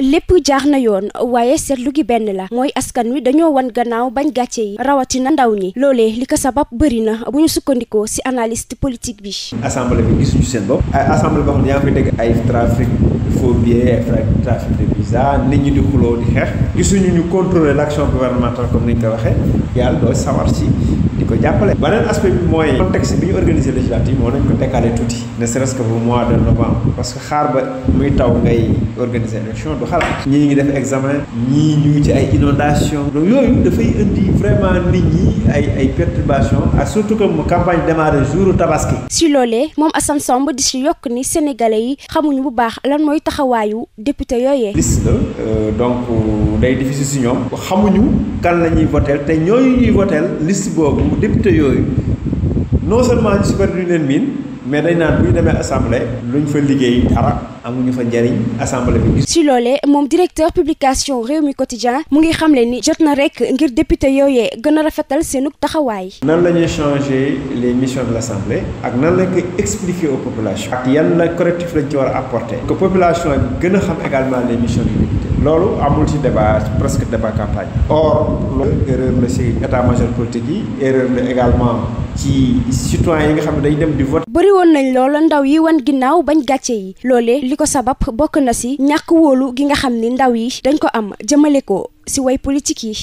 lépp jaax na yoon waaye seetlu gi benn la mooy askan wi dañoo wan gannaaw bañ gàcce yi rawatina ndaw ñi loolee li ko sabab bëri na bu ñu sukkandikoo ci analyste politique bi. assemblée bi gisuñu seen bopp. ay assemblée boo xam ne yaa ngi fi dégg ay trafic faux billets trafic de visa nit ñi di xuloo di xeex. gisuñu ñu contrôler l'action gouvernementale comme ni ñu ko waxee yàlla doo sawar ci. ko jàppale beneen aspect bi mooy contexte bi ñu organisé législative moo nañ ko décalé tuuti ne serait-ce que bu mois de novembre parce que xaar ba muy taw ngay organiser du xalaat ñii ñu ngi def examen ñii ñu ci ay inondation donc yooyu dafay indi vraiment nit ñi ay ay perturbation ak ah, surtout que mu campagne démarré jour tabaski si loolee moom Assane Samb di si yokk ni sénégalais yi xamuñu bu baax lan mooy taxawaayu député yooyee liste la euh, day difficile si ñoom xamuñu kan la ñuy voteel te ñooñu ñuy voteel liste boobu te yooyu non seulement ñu si bëri duñ leen miin mais dañ naan bu ñu demee assemblée luñ fa liggéey dara ñu fa njariñ assemblée bi. si loolee moom directeur publication réew mi quotidien mu ngi xam ne ni jot na rek ngir député yooyee gën a rafetal seenu taxawaay. nan la ñuy changer les mission de l' assemblée ak nan lañ koy expliquer aux populations. ak yan la correctif lañ ci war a apporter. que population gën xam également les missions du loolu amul ci débat presque débat campagne. or loolu erreur la si état major politique yi erreur la également. ci citoyen yi woon nañ loolu ndaw yi wan ginnaaw bañ gàcce yi loolee li ko sabab bokk na si ñàkk wóolu gi nga xam ni ndaw yi dañ ko am jëmale ko si way politique yi.